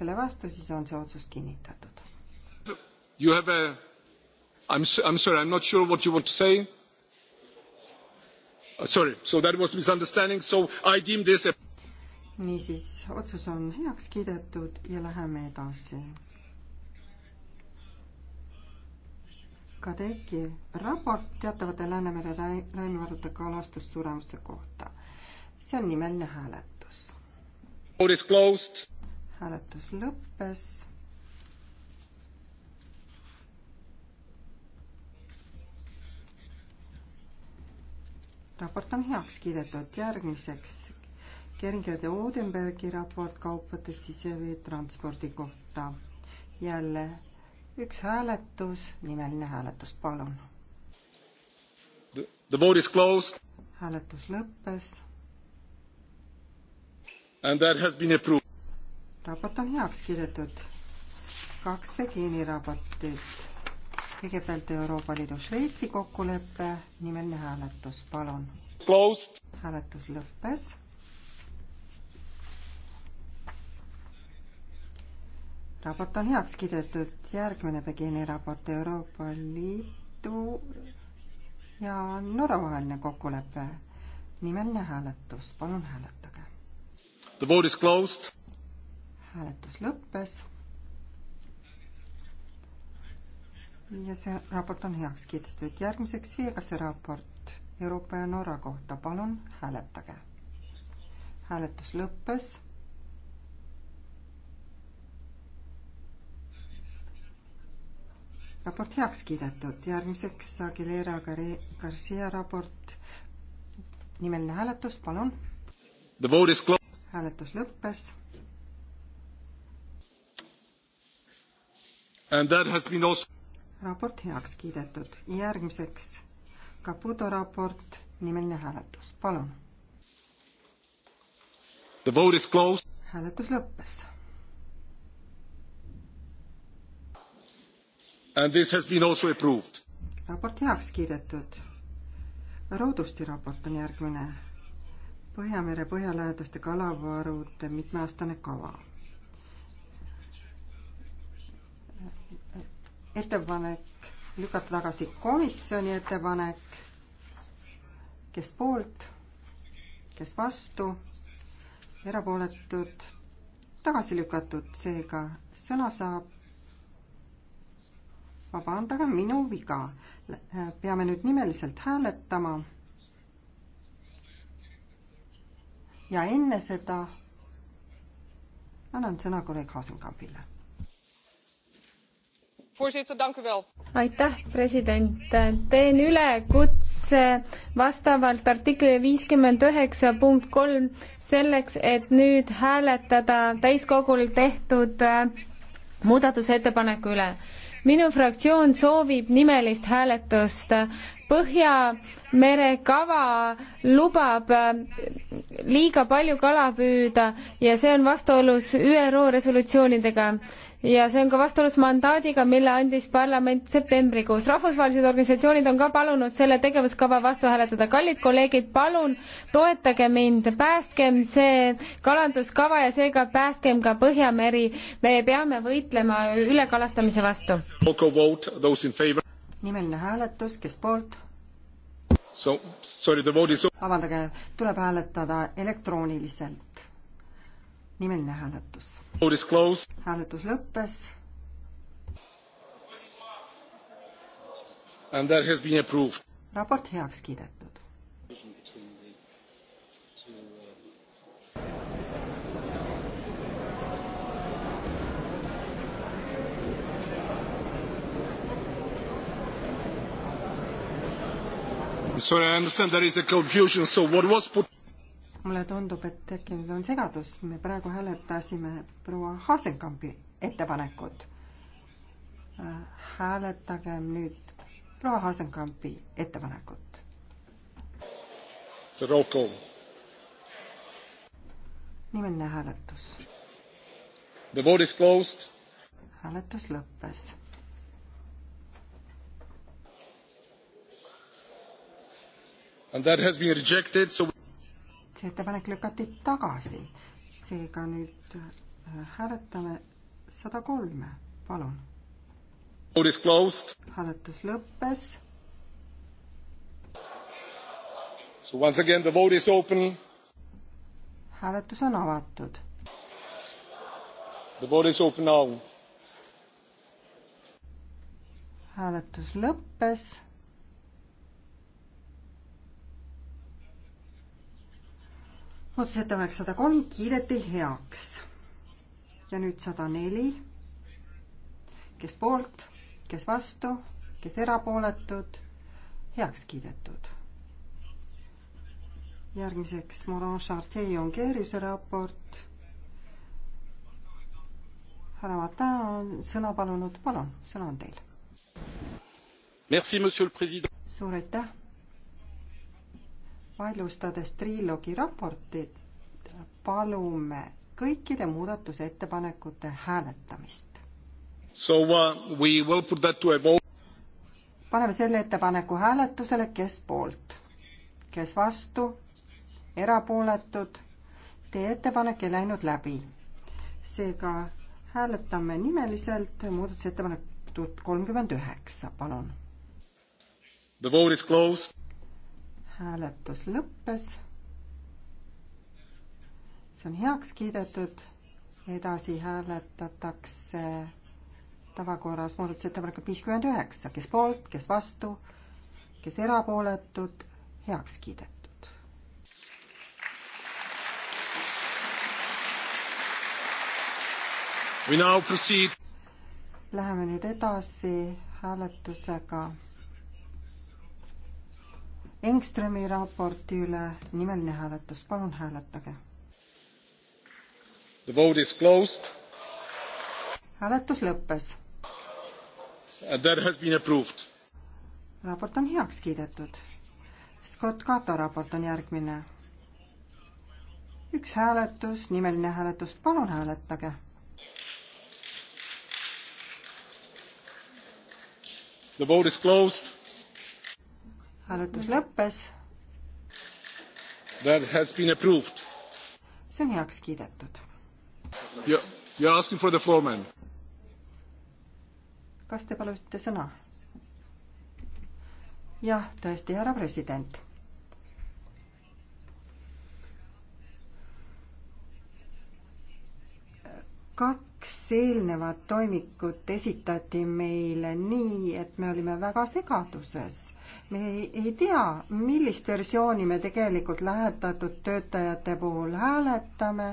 selle vastu, siis on see otsus kinnitatud. You have a, I am sorry, I am not sure what you want to say. Uh, sorry, so that was misunderstanding, so I deem this a niisiis, otsus on heaks kiidetud ja läheme edasi. Kadeki raport teatavate Läänemere räimivardade kalastussuremuste kohta. see on nimeline hääletus hääletus lõppes. raport on heaks kiidetud, järgmiseks Keringede Odenbergi raport kaupade siseveetranspordi kohta. jälle üks hääletus, nimeline hääletus, palun. The vote is closed. hääletus lõppes. And that has been approved raport on heaks kirjutatud. kaks Begini raportit. kõigepealt Euroopa Liidu Šveitsi kokkulepe, nimeline hääletus, palun. hääletus lõppes. raport on heaks kirjutatud, järgmine Begini raport Euroopa Liidu ja Norra vaheline kokkulepe, nimeline hääletus, palun hääletage. The vote is closed hääletus lõppes. ja see raport on heaks kiidetud. järgmiseks Viegase raport Euroopa ja Norra kohta, palun hääletage. hääletus lõppes. raport heaks kiidetud, järgmiseks Aguilera Garcia raport, nimeline hääletus, palun. hääletus lõppes Also... raport heaks kiidetud. järgmiseks Caputo raport, nimeline hääletus, palun. hääletus lõppes. raport heaks kiidetud. Roodusti raport on järgmine Põhjamere põhjalähedaste kalavarude mitmeaastane kava ettepanek lükata tagasi komisjoni ettepanek, kes poolt, kes vastu, erapooletud, tagasi lükatud, seega sõna saab vabandage, minu viga. peame nüüd nimeliselt hääletama. ja enne seda annan sõna kolleeg Hasenkampile aitäh, president. teen ülekutse vastavalt artiklile viiskümmend üheksa punkt kolm selleks, et nüüd hääletada täiskogul tehtud äh, muudatusettepaneku üle. minu fraktsioon soovib nimelist hääletust. Põhjamere kava lubab äh, liiga palju kala püüda ja see on vastuolus ÜRO resolutsioonidega ja see on ka vastuolus mandaadiga, mille andis parlament septembrikuus. rahvusvahelised organisatsioonid on ka palunud selle tegevuskava vastu hääletada. kallid kolleegid, palun toetage mind, päästkem see kalanduskava ja seega päästkem ka Põhjameri. me peame võitlema ülekalastamise vastu. nimeline hääletus, kes poolt? So, sorry, the vote is... vabandage, tuleb hääletada elektrooniliselt nimeline hääletus. hääletus lõppes. raport heaks kiidetud. Sorry, I understand there is a confusion. So what was put mulle tundub, et tekkinud on segadus, me praegu hääletasime proua Hasenkampi ettepanekut. hääletagem nüüd proua Hasenkampi ettepanekut. nimeline hääletus. The vote is closed. hääletus lõppes. And that has been rejected, so see ettepanek lükati tagasi. seega nüüd äh, hääletame sada kolme, palun. hääletus lõppes. So once again the vote is open. hääletus on avatud. The vote is open now. hääletus lõppes muudatusettepanek sada kolm kiideti heaks. ja nüüd sada neli. kes poolt, kes vastu, kes erapooletud, heaks kiidetud. järgmiseks Moran Chartier Jongeeriuse raport. härra Martin on sõna palunud, palun, sõna on teil. suur aitäh vaidlustades triloogi raportit, palume kõikide muudatusettepanekute hääletamist. So uh, we will put that to a vote. paneme selle ettepaneku hääletusele, kes poolt, kes vastu, erapooletud. Teie ettepanek ei läinud läbi. seega hääletame nimeliselt muudatusettepanekut kolmkümmend üheksa, palun. The vote is closed hääletus lõppes. see on heaks kiidetud, edasi hääletatakse tavakorras muudatusettepanekut viiskümmend üheksa, kes poolt, kes vastu, kes erapooletud, heaks kiidetud. Läheme nüüd edasi hääletusega Engströmi raporti üle nimeline hääletus, palun hääletage. The vote is closed. hääletus lõppes. That has been approved. raport on heaks kiidetud. Scott Cato raport on järgmine. üks hääletus, nimeline hääletus, palun hääletage. The vote is closed hääletus lõppes. That has been approved. see on heaks kiidetud. You are asking for the floor, man. kas te palusite sõna? jah, tõesti, härra president kak-, kaks eelnevat toimikut esitati meile nii, et me olime väga segaduses. me ei, ei tea, millist versiooni me tegelikult lähetatud töötajate puhul hääletame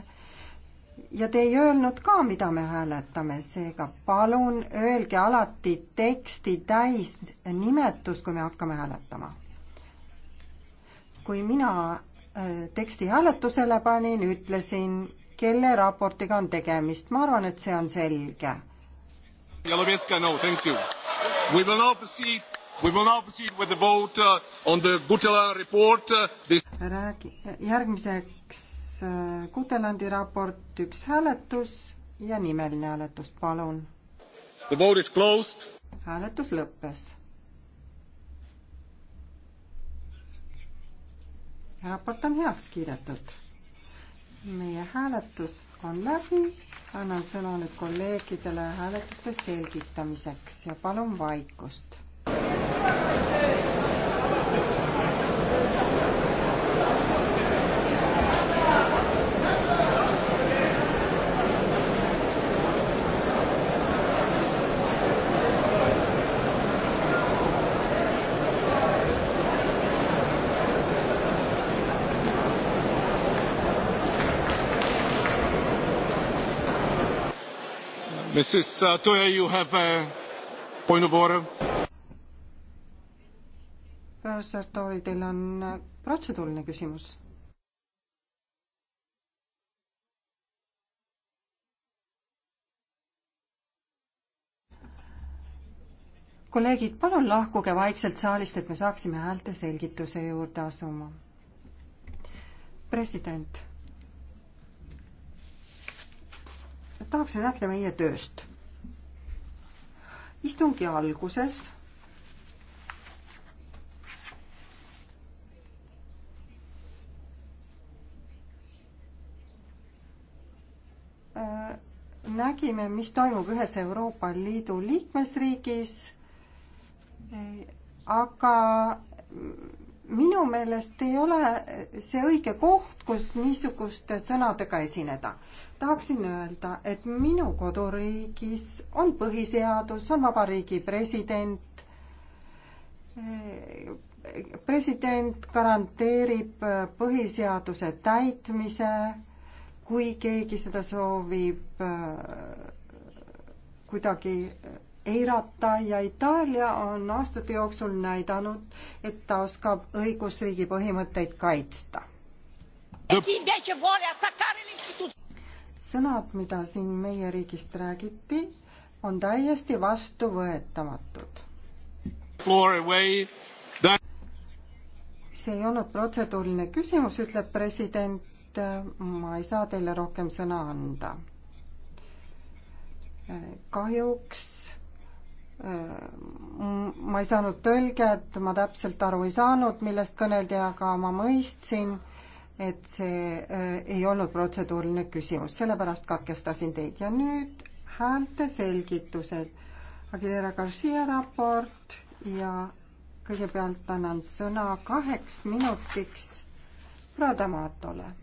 ja te ei öelnud ka, mida me hääletame, seega palun öelge alati teksti täis nimetus, kui me hakkame hääletama. kui mina äh, teksti hääletusele panin, ütlesin kelle raportiga on tegemist, ma arvan, et see on selge. Jalovetska, no thank you. We will now proceed We will now proceed with the vote uh, on the Guteland report. Uh, this... Räägi, järgmiseks äh, uh, Gutelandi raport, üks hääletus ja nimeline hääletus, palun. The vote is closed. Hääletus lõppes. Raport on heaks kiidetud meie hääletus on läbi, annan sõna nüüd kolleegidele hääletuste selgitamiseks ja palun vaikust Mrs. Uh, Toja, you have a point of order? professor Toori, teil on uh, protseduuriline küsimus kolleegid, palun lahkuge vaikselt saalist, et me saaksime häälte selgituse juurde asuma. president tahaksin rääkida meie tööst. istungi alguses äh, nägime, mis toimub ühes Euroopa Liidu liikmesriigis, äh, aga minu meelest ei ole see õige koht, kus niisuguste sõnadega esineda. tahaksin öelda, et minu koduriigis on põhiseadus, on vabariigi president, president garanteerib põhiseaduse täitmise, kui keegi seda soovib äh, kuidagi eirata ja Itaalia on aastate jooksul näidanud, et ta oskab õigusriigi põhimõtteid kaitsta. sõnad, mida siin meie riigist räägiti, on täiesti vastuvõetamatud. see ei olnud protseduuriline küsimus, ütleb president, ma ei saa teile rohkem sõna anda kahjuks Äh, ma ei saanud tõlget, ma täpselt aru ei saanud, millest kõneldi, aga ma mõistsin, et see äh, ei olnud protseduuriline küsimus, sellepärast katkestasin teid ja nüüd häälte selgitused. Aguilera Garcia raport ja kõigepealt annan sõna kaheks minutiks Pradamatole